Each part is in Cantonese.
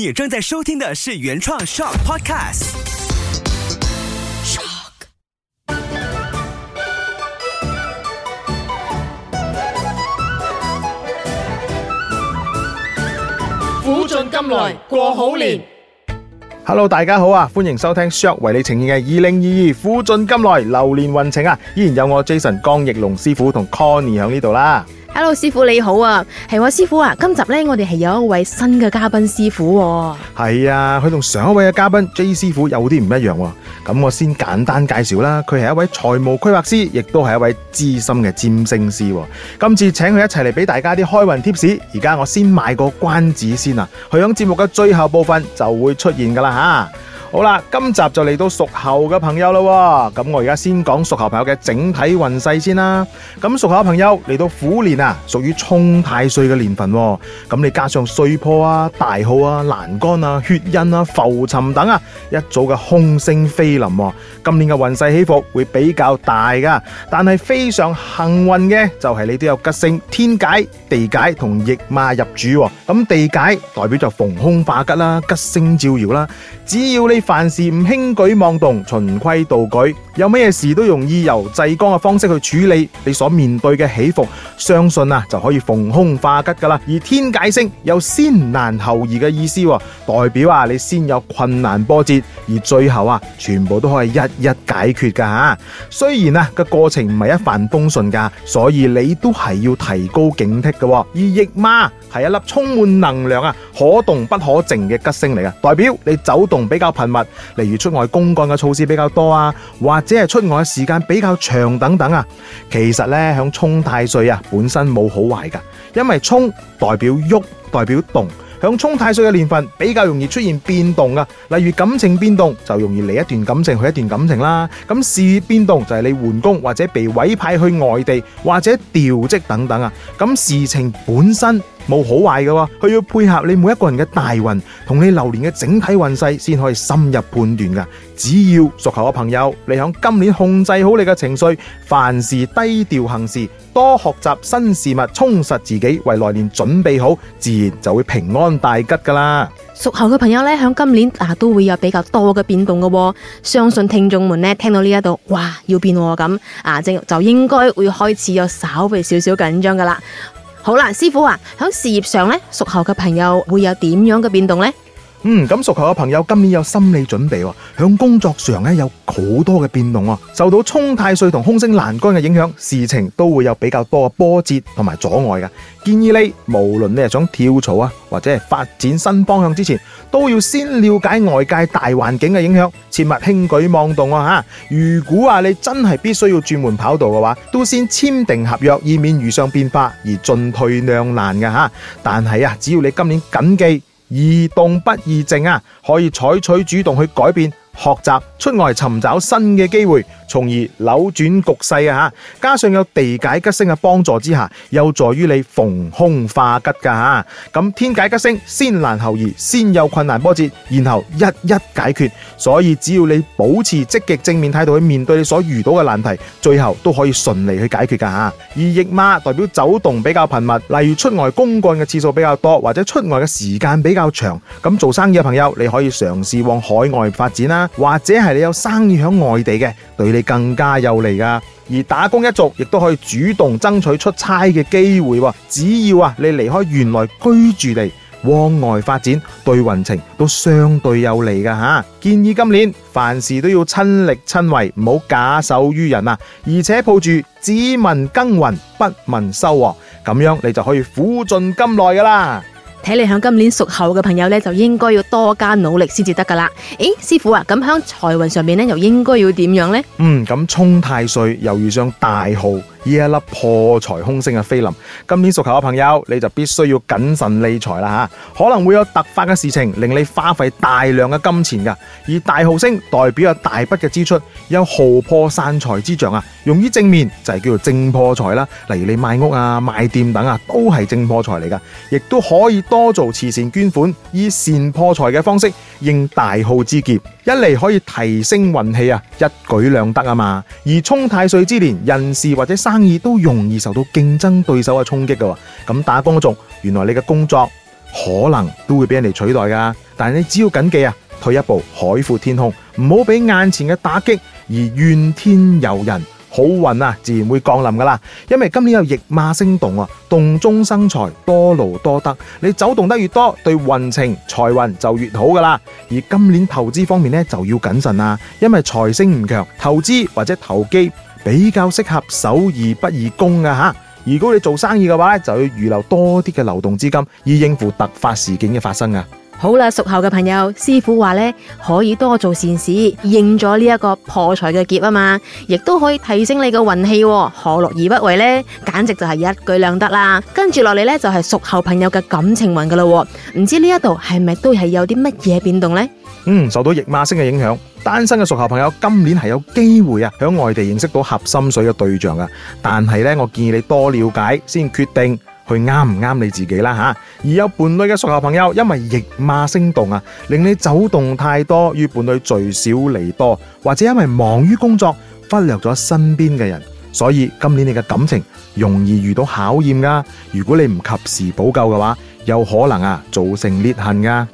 你正在收聽的是原創 Shock Podcast。Shock。苦盡甘來過好年。Hello，大家好啊，歡迎收聽 Shock 為你呈現嘅二零二二苦盡甘來流年運程啊，依然有我 Jason、江奕龍師傅同 Connie 響呢度啦。hello，師傅你好啊，係我師傅啊。今集呢，我哋係有一位新嘅嘉賓師傅。係啊，佢同、啊、上一位嘅嘉賓 J 師傅有啲唔一樣、啊。咁我先簡單介紹啦，佢係一位財務規劃師，亦都係一位資深嘅占星師、啊。今次請佢一齊嚟俾大家啲開運 t 士。而家我先賣個關子先啊，佢喺節目嘅最後部分就會出現噶啦吓。好啦，今集就嚟到屬猴嘅朋友咯。咁我而家先講屬猴朋友嘅整體運勢先啦。咁屬猴朋友嚟到虎年啊，屬於沖太歲嘅年份，咁你加上歲破啊、大耗啊、欄干啊、血刃啊、浮沉等啊，一組嘅凶星飛臨，今年嘅運勢起伏會比較大噶。但係非常幸運嘅就係你都有吉星天解、地解同驛馬入主，咁地解代表就逢凶化吉啦，吉星照耀啦，只要你，凡事唔輕舉妄動，循規蹈矩，有咩嘢事都容易由以柔克剛嘅方式去處理。你所面對嘅起伏，相信啊就可以逢凶化吉噶啦。而天解星有先難後易嘅意思，代表啊你先有困難波折，而最後啊全部都可以一一解決噶吓。雖然啊個過程唔係一帆風順噶，所以你都係要提高警惕嘅。而驛馬係一粒充滿能量啊，可動不可靜嘅吉星嚟嘅，代表你走動比較頻。物，例如出外公幹嘅次數比較多啊，或者係出外嘅時間比較長等等啊，其實咧響沖太歲啊，本身冇好壞噶，因為沖代表喐，代表動。響沖太歲嘅年份比較容易出現變動噶例如感情變動就容易嚟，一段感情去一段感情啦。咁事業變動就係你換工或者被委派去外地或者調職等等啊。咁事情本身冇好壞嘅，佢要配合你每一個人嘅大運同你流年嘅整體運勢先可以深入判斷噶。只要屬猴嘅朋友，你響今年控制好你嘅情緒，凡事低調行事，多學習新事物，充實自己，為來年準備好，自然就會平安大吉噶啦。屬猴嘅朋友咧，響今年啊都會有比較多嘅變動嘅，哦，相信聽眾們咧聽到呢一度，哇，要變咁啊，就就應該會開始有稍微少少緊張噶啦。好啦，師傅啊，響事業上咧，屬猴嘅朋友會有點樣嘅變動呢？嗯，咁屬猴嘅朋友，今年有心理準備喎、哦，響工作上有好多嘅變動喎、哦。受到沖太歲同凶星欄干嘅影響，事情都會有比較多嘅波折同埋阻礙嘅。建議你無論你想跳槽啊，或者發展新方向之前，都要先了解外界大環境嘅影響，切勿輕舉妄動啊！如果，啊、你真係必須要轉門跑道嘅話，都先簽訂合約，以免遇上變化而進退兩難嘅。但係啊，只要你今年謹記，宜動不宜靜啊，可以採取主動去改變。學習出外尋找新嘅機會，從而扭轉局勢啊！吓，加上有地解吉星嘅幫助之下，有助於你逢凶化吉噶吓。咁天解吉星先難後易，先有困難波折，然後一一解決。所以只要你保持積極正面態度去面對你所遇到嘅難題，最後都可以順利去解決噶吓。而驛馬代表走動比較頻密，例如出外公幹嘅次數比較多，或者出外嘅時間比較長。咁做生意嘅朋友，你可以嘗試往海外發展啦。或者係你有生意在外地嘅，對你更加有利㗎。而打工一族亦都可以主動爭取出差嘅機會，只要啊你離開原來居住地，往外發展，對運程都相對有利㗎吓。建議今年凡事都要親力親為，唔好假手於人啊！而且抱住只問耕耘不問收穫，咁樣你就可以苦盡甘來㗎啦。睇你響今年屬猴嘅朋友呢，就應該要多加努力先至得噶啦。誒，師傅啊，咁響財運上呢又應該要點樣呢？嗯，咁沖太歲又遇上大耗。呢一粒破財凶星嘅飛臨，今年屬猴嘅朋友你就必須要謹慎理財啦吓，可能會有突發嘅事情令你花費大量嘅金錢噶。而大耗星代表有大筆嘅支出，有耗破散財之象啊。用於正面就係叫做正破財啦，例如你賣屋啊、賣店等啊，都係正破財嚟噶，亦都可以多做慈善捐款，以善破財嘅方式應大耗之劫，一嚟可以提升運氣啊，一舉兩得啊嘛。而沖太歲之年，人事或者生意都容易受到競爭對手嘅衝擊嘅，咁打工一族，原來你嘅工作可能都會俾人哋取代噶。但係你只要謹記啊，退一步海闊天空，唔好俾眼前嘅打擊而怨天尤人，好運啊自然會降臨噶啦。因為今年有驛馬星動啊，動中生財，多勞多得，你走動得越多，對運程財運就越好噶啦。而今年投資方面呢，就要謹慎啦，因為財星唔強，投資或者投機。比較適合守而不易攻噶吓，如果你做生意嘅話咧，就要預留多啲嘅流動資金，以應付突發事件嘅發生啊。好啦，屬猴嘅朋友，師傅話咧可以多做善事，應咗呢一個破財嘅劫啊嘛，亦都可以提升你嘅運氣，何樂而不為呢？簡直就係一舉兩得啦。跟住落嚟咧就係屬猴朋友嘅感情運噶喎。唔知呢一度係咪都係有啲乜嘢變動咧？嗯，受到驛馬星嘅影響，單身嘅屬猴朋友今年係有機會啊，喺外地認識到合心水嘅對象噶，但係咧我建議你多了解先決定。佢啱唔啱你自己啦吓，而有伴侶嘅屬猴朋友，因為驛馬星動啊，令你走動太多，與伴侶聚少離多，或者因為忙於工作，忽略咗身邊嘅人，所以今年你嘅感情容易遇到考驗噶。如果你唔及時補救嘅話，有可能啊造成裂痕噶。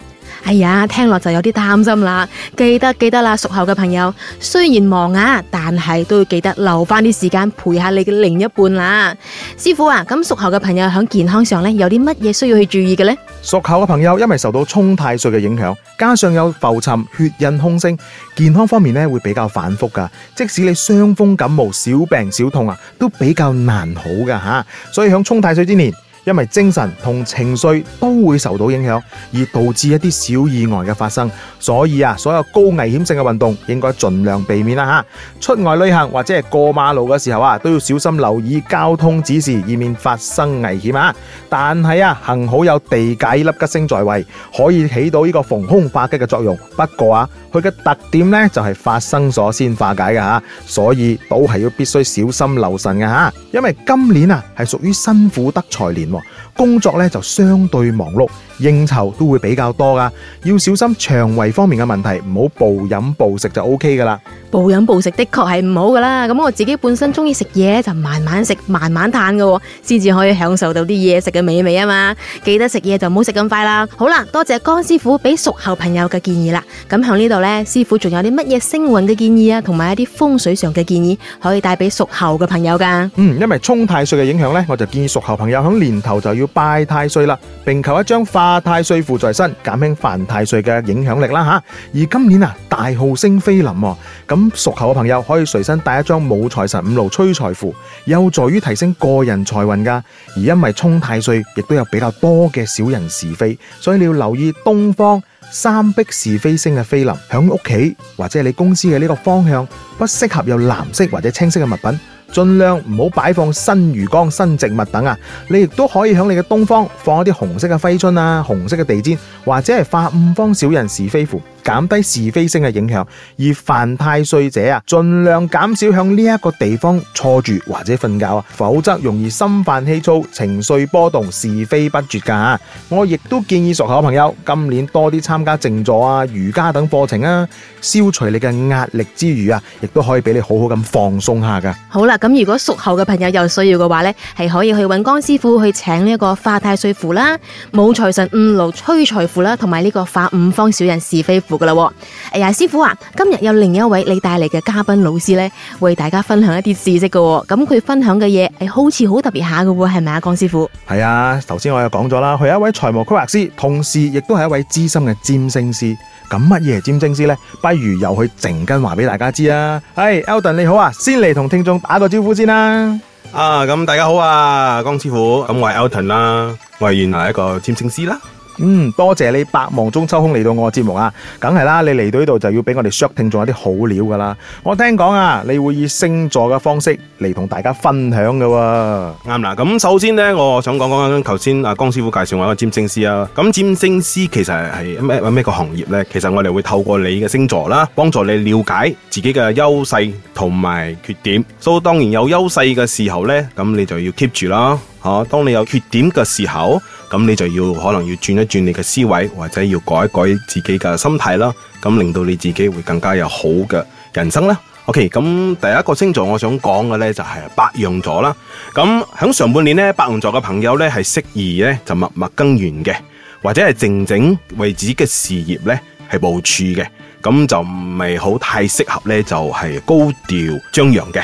哎呀，聽落就有啲擔心啦！記得記得啦，屬猴嘅朋友，雖然忙啊，但係都要記得留翻啲時間陪下你嘅另一半啦。師傅啊，咁屬猴嘅朋友響健康上咧有啲乜嘢需要去注意嘅咧？屬猴嘅朋友因爲受到沖太歲嘅影響，加上有浮沉、血刃、凶星，健康方面咧會比較反覆噶。即使你傷風感冒、小病小痛啊，都比較難好噶吓。所以響沖太歲之年。因為精神同情緒都會受到影響，而導致一啲小意外嘅發生，所以啊，所有高危險性嘅運動應該盡量避免啦吓。出外旅行或者係過馬路嘅時候啊，都要小心留意交通指示，以免發生危險啊。但係啊，幸好有地解粒吉星在位，可以起到呢個逢凶化吉嘅作用。不過啊，佢嘅特點咧就係發生咗先化解㗎，所以都係要必須小心留神嘅吓。因為今年啊係屬於辛苦得財年。工作呢就相對忙碌。應酬都會比較多噶要小心腸胃方面嘅問題，唔好暴飲暴食就 O K 噶啦。暴飲暴食的確係唔好噶啦，咁我自己本身中意食嘢就慢慢食，慢慢嘆噶，先至可以享受到啲嘢食嘅美味啊嘛。記得食嘢就唔好食咁快啦。好啦，多謝江師傅俾屬猴朋友嘅建議啦。咁響呢度呢，師傅仲有啲乜嘢星運嘅建議啊，同埋一啲風水上嘅建議，可以帶俾屬猴嘅朋友噶。嗯，因為沖太歲嘅影響呢，我就建議屬猴朋友響年頭就要拜太歲啦，並求一張啊！太歲符在身，減輕犯太歲嘅影響力啦吓。而今年啊，大耗星飛臨，咁屬猴嘅朋友可以隨身帶一張武財神五路催財符，有助於提升個人財運噶。而因為沖太歲，亦都有比較多嘅小人是非，所以你要留意東方三壁是非星嘅飛臨，響屋企或者係你公司嘅呢個方向，不適合有藍色或者青色嘅物品。盡量唔好擺放新魚缸、新植物等啊，你亦都可以喺你嘅東方放一啲紅色嘅揮春啊、紅色嘅地氈，或者係畫五方小人是非符，減低是非性嘅影響，而犯太歲者啊，盡量減少向呢一個地方坐住或者瞓覺啊，否則容易心煩氣躁、情緒波動、是非不絕噶。我亦都建議屬猴嘅朋友今年多啲參加靜坐啊、瑜伽等課程啊，消除你嘅壓力之餘啊，亦都可以俾你好好咁放鬆下噶。好啦，咁如果屬猴嘅朋友有需要嘅話呢係可以去揾江師傅去請呢一個化太歲符啦、武財神五路催財符啦，同埋呢個化五方小人是非符。噶，哎呀，師傅啊，今日有另一位你帶嚟嘅嘉賓老師咧，為大家分享一啲知識噶，哦。咁佢分享嘅嘢係好似好特別下噶喎，係咪啊，江師傅？係啊，頭先我有講咗啦，佢係一位財務規劃師，同時亦都係一位資深嘅占星師。咁乜嘢係占星師咧？不如由佢靜根話俾大家知啊。係、hey，Elton 你好啊，先嚟同聽眾打個招呼先啦。啊，咁大家好啊，江師傅。咁我係 Elton 啦，啊，我係原來一個占星師啦。嗯，多謝你百忙中抽空嚟到我嘅節目啊，梗係啦，你嚟到呢度就要俾我哋 short 聽眾一啲好料噶啦。我聽講啊，你會以星座嘅方式嚟同大家分享噶喎。啱啦，咁首先呢，我想講講頭先阿江師傅介紹我一個占星師啊。咁占星師其實係咩咩個行業呢？其實我哋會透過你嘅星座啦，幫助你了解自己嘅優勢同埋缺點。所以當然有優勢嘅時候呢，咁你就要 keep 住啦。吓，當你有缺點嘅時候。咁你就要可能要轉一轉你嘅思維，或者要改一改自己嘅心態啦。咁令到你自己會更加有好嘅人生啦。OK，咁第一個星座我想講嘅呢就係白羊座啦。咁響上半年呢，白羊座嘅朋友呢係適宜呢就默默耕耘嘅，或者係靜靜為自己嘅事業呢係部署嘅。咁就唔係好太適合呢就係高調張揚嘅。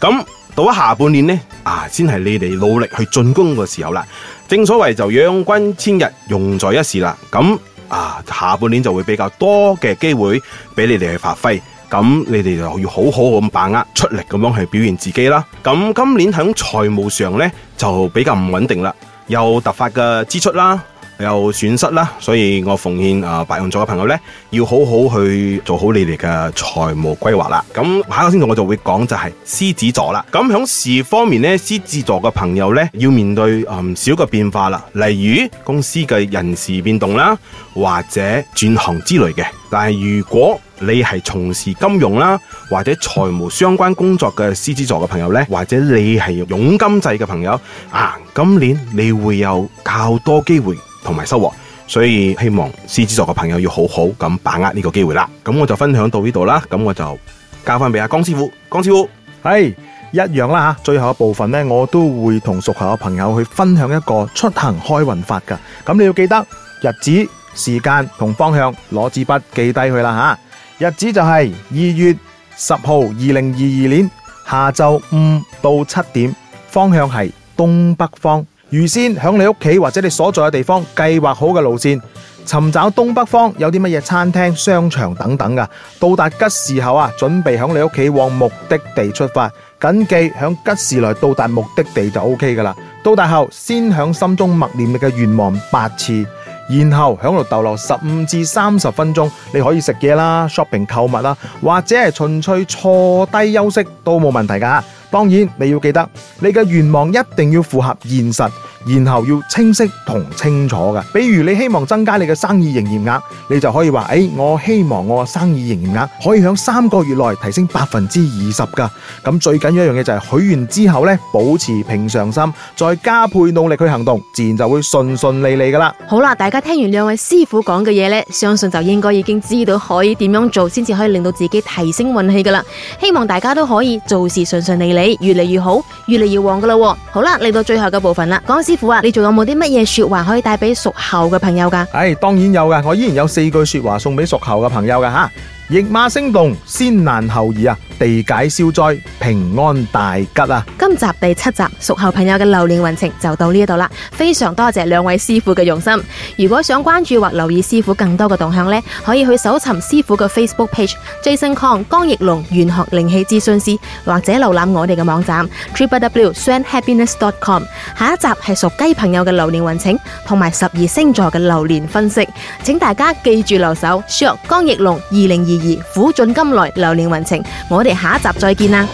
咁到咗下半年呢，啊，先係你哋努力去進攻嘅時候啦。正所謂就養軍千日，用在一時啦。咁啊，下半年就會比較多嘅機會俾你哋去發揮。咁你哋就要好好咁把握，出力咁樣去表現自己啦。咁今年喺財務上呢，就比較唔穩定啦，有突發嘅支出啦。有損失啦，所以我奉勸啊白羊座嘅朋友呢，要好好去做好你哋嘅財務規劃啦。咁下個星期我就會講就係獅子座啦。咁喺事業方面呢，獅子座嘅朋友呢，要面對唔、嗯、少嘅變化啦，例如公司嘅人事變動啦，或者轉行之類嘅。但係如果你係從事金融啦或者財務相關工作嘅獅子座嘅朋友呢，或者你係佣金制嘅朋友啊，今年你會有較多機會。同埋收穫，所以希望獅子座嘅朋友要好好咁把握呢個機會啦。咁我就分享到呢度啦，咁我就交翻俾阿江師傅。江師傅，係一樣啦吓，最後一部分呢，我都會同屬猴嘅朋友去分享一個出行開運法噶。咁你要記得日子、時間同方向，攞支筆記低去啦吓。日子就係二月十號，二零二二年下晝五到七點，方向係東北方。預先響你屋企或者你所在嘅地方計劃好嘅路線，尋找東北方有啲乜嘢餐廳、商場等等噶。到達吉時後啊，準備響你屋企往目的地出發。謹記響吉時來到達目的地就 O K 㗎喇。到達後先響心中默念你嘅願望八次，然後響度逗留十五至三十分鐘，你可以食嘢啦、shopping 購物啦，或者係純粹坐低休息都冇問題噶。當然你要記得，你嘅願望一定要符合現實，然後要清晰同清楚嘅。比如你希望增加你嘅生意營業額，你就可以話：誒、欸,我希望我生意營業額可以響三個月內提升百分之二十嘅。咁最緊要一樣嘢就係許完之後呢，保持平常心，再加倍努力去行動，自然就會順順利利噶啦。好啦，大家聽完兩位師傅講嘅嘢呢，相信就應該已經知道可以點樣做先至可以令到自己提升運氣噶啦。希望大家都可以做事順順利利。越嚟越好，越嚟越旺噶啦！好啦，嚟到最後嘅部分啦，江師傅啊，你仲有冇啲乜嘢說話可以帶俾屬猴嘅朋友噶？唉、哎，當然有噶，我依然有四句說話送俾屬猴嘅朋友噶吓，驛、啊、馬星動，先難後易啊！地解消災平安大吉啊！今集第七集屬猴朋友嘅流年運程就到呢度啦。非常多謝兩位師傅嘅用心。如果想關注或留意師傅更多嘅動向呢，可以去搜尋師傅嘅 Facebook page Jason Kong 江奕龍玄學靈氣諮詢師，或者瀏覽我哋嘅網站 www.happiness.com。下一集係屬雞朋友嘅流年運程同埋十二星座嘅流年分析，請大家記住留守 s h 石江奕龍二零二二虎進金來流年運程，我哋。下一集再見啦！